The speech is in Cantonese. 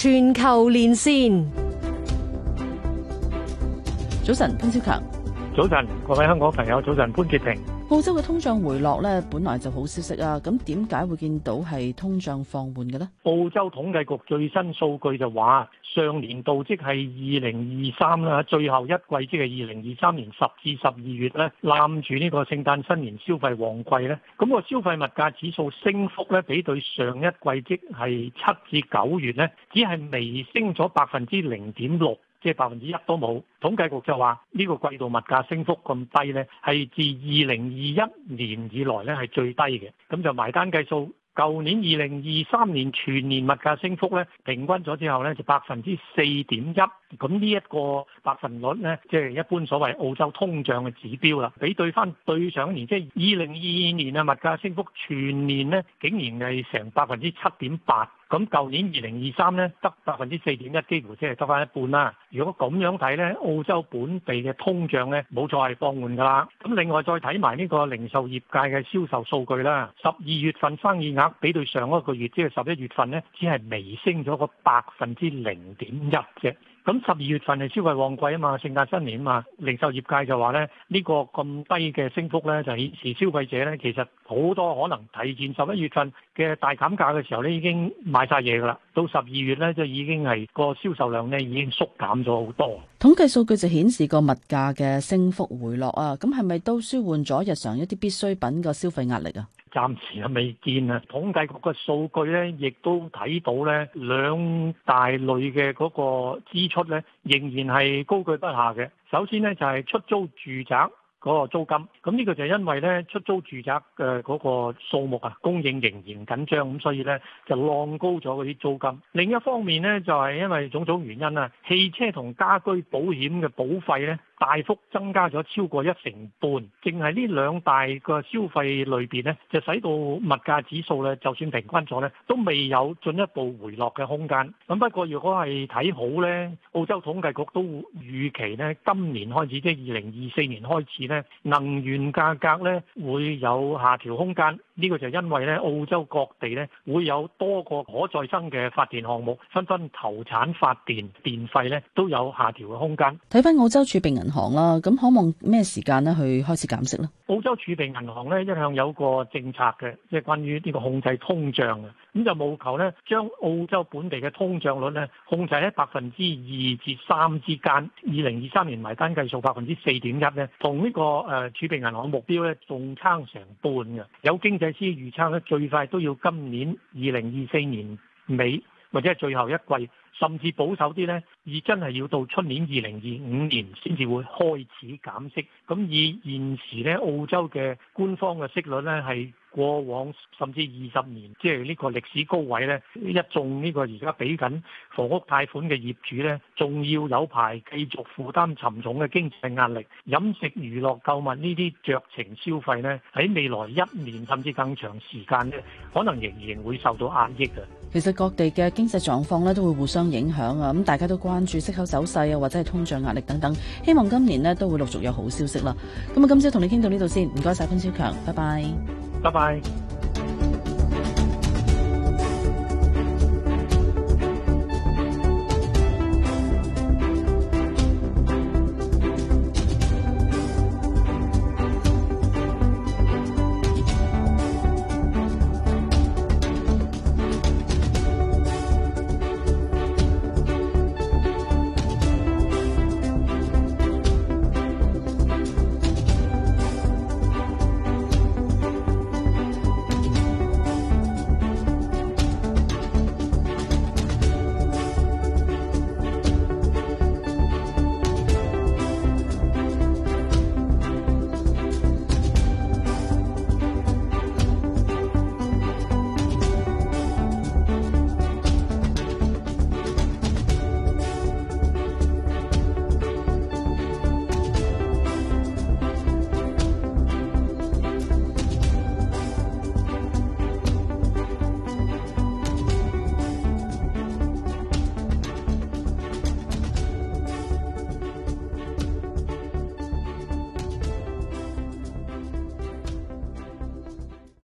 全球連線，早晨，潘昭強，早晨各位香港朋友，早晨，潘潔平。澳洲嘅通脹回落咧，本來就好消息啊，咁點解會見到係通脹放緩嘅咧？澳洲統計局最新數據就話，上年度即係二零二三啦，最後一季即係二零二三年十至十二月咧，攬住呢個聖誕新年消費旺季咧，咁個消費物價指數升幅咧，比對上一季即係七至九月咧，只係微升咗百分之零點六。即係百分之一都冇，統計局就話呢個季度物價升幅咁低呢，係自二零二一年以來呢係最低嘅。咁就埋單計數，舊年二零二三年全年物價升幅呢，平均咗之後呢，就百分之四點一。咁呢一個百分率呢，即係一般所謂澳洲通脹嘅指標啦，比對翻對上一年，即係二零二二年啊物價升幅全年呢，竟然係成百分之七點八。咁舊年二零二三咧得百分之四點一，幾乎即係得翻一半啦。如果咁樣睇咧，澳洲本地嘅通脹咧，冇錯係放緩㗎啦。咁另外再睇埋呢個零售業界嘅銷售數據啦，十二月份生意額比對上一個月，即係十一月份咧，只係微升咗個百分之零點一啫。咁十二月份係消費旺季啊嘛，聖誕新年啊嘛，零售業界就話咧呢個咁低嘅升幅咧，就顯示消費者咧其實好多可能提前十一月份嘅大減價嘅時候咧，已經買晒嘢噶啦，到十二月咧就已經係個銷售量咧已經縮減咗好多。統計數據就顯示個物價嘅升幅回落啊，咁係咪都舒緩咗日常一啲必需品嘅消費壓力啊？暫時啊未見啊，統計局嘅數據咧，亦都睇到咧兩大類嘅嗰個支出咧，仍然係高居不下嘅。首先咧就係出租住宅嗰個租金，咁呢個就係因為咧出租住宅嘅嗰個數目啊供應仍然緊張，咁所以咧就浪高咗嗰啲租金。另一方面咧就係因為種種原因啊，汽車同家居保險嘅保費咧，大幅增加咗超過一成半，正係呢兩大嘅消費類別咧，就使到物價指數咧，就算平均咗咧，都未有進一步回落嘅空間。咁不過如果係睇好咧，澳洲統計局都預期咧，今年開始即係二零二四年開始咧，能源價格咧會有下調空間，呢個就因為咧，澳洲各地咧會有多個可再生嘅發電項目紛紛投產發電，電費咧都有下調嘅空間。睇翻澳洲儲備人。行啦，咁可望咩時間咧去開始減息咧？澳洲儲備銀行咧一向有個政策嘅，即係關於呢個控制通脹嘅，咁就務求咧將澳洲本地嘅通脹率咧控制喺百分之二至三之間。二零二三年埋單計數百分之四點一咧，同呢個誒儲備銀行目標咧仲差成半嘅。有經濟師預測咧，最快都要今年二零二四年尾，或者係最後一季，甚至保守啲呢，而真係要到出年二零二五年先至會開始減息。咁以現時呢澳洲嘅官方嘅息率呢，係過往甚至二十年，即係呢個歷史高位呢，一眾呢個而家俾緊房屋貸款嘅業主呢，仲要有排繼續負擔沉重嘅經濟壓力。飲食、娛樂、購物呢啲酌情消費呢，喺未來一年甚至更長時間呢，可能仍然會受到壓抑嘅。其實各地嘅經濟狀況咧都會互相影響啊！咁大家都關注息口走勢啊，或者係通脹壓力等等，希望今年咧都會陸續有好消息啦。咁啊，今朝同你傾到呢度先，唔該晒潘昭強，拜拜，拜拜。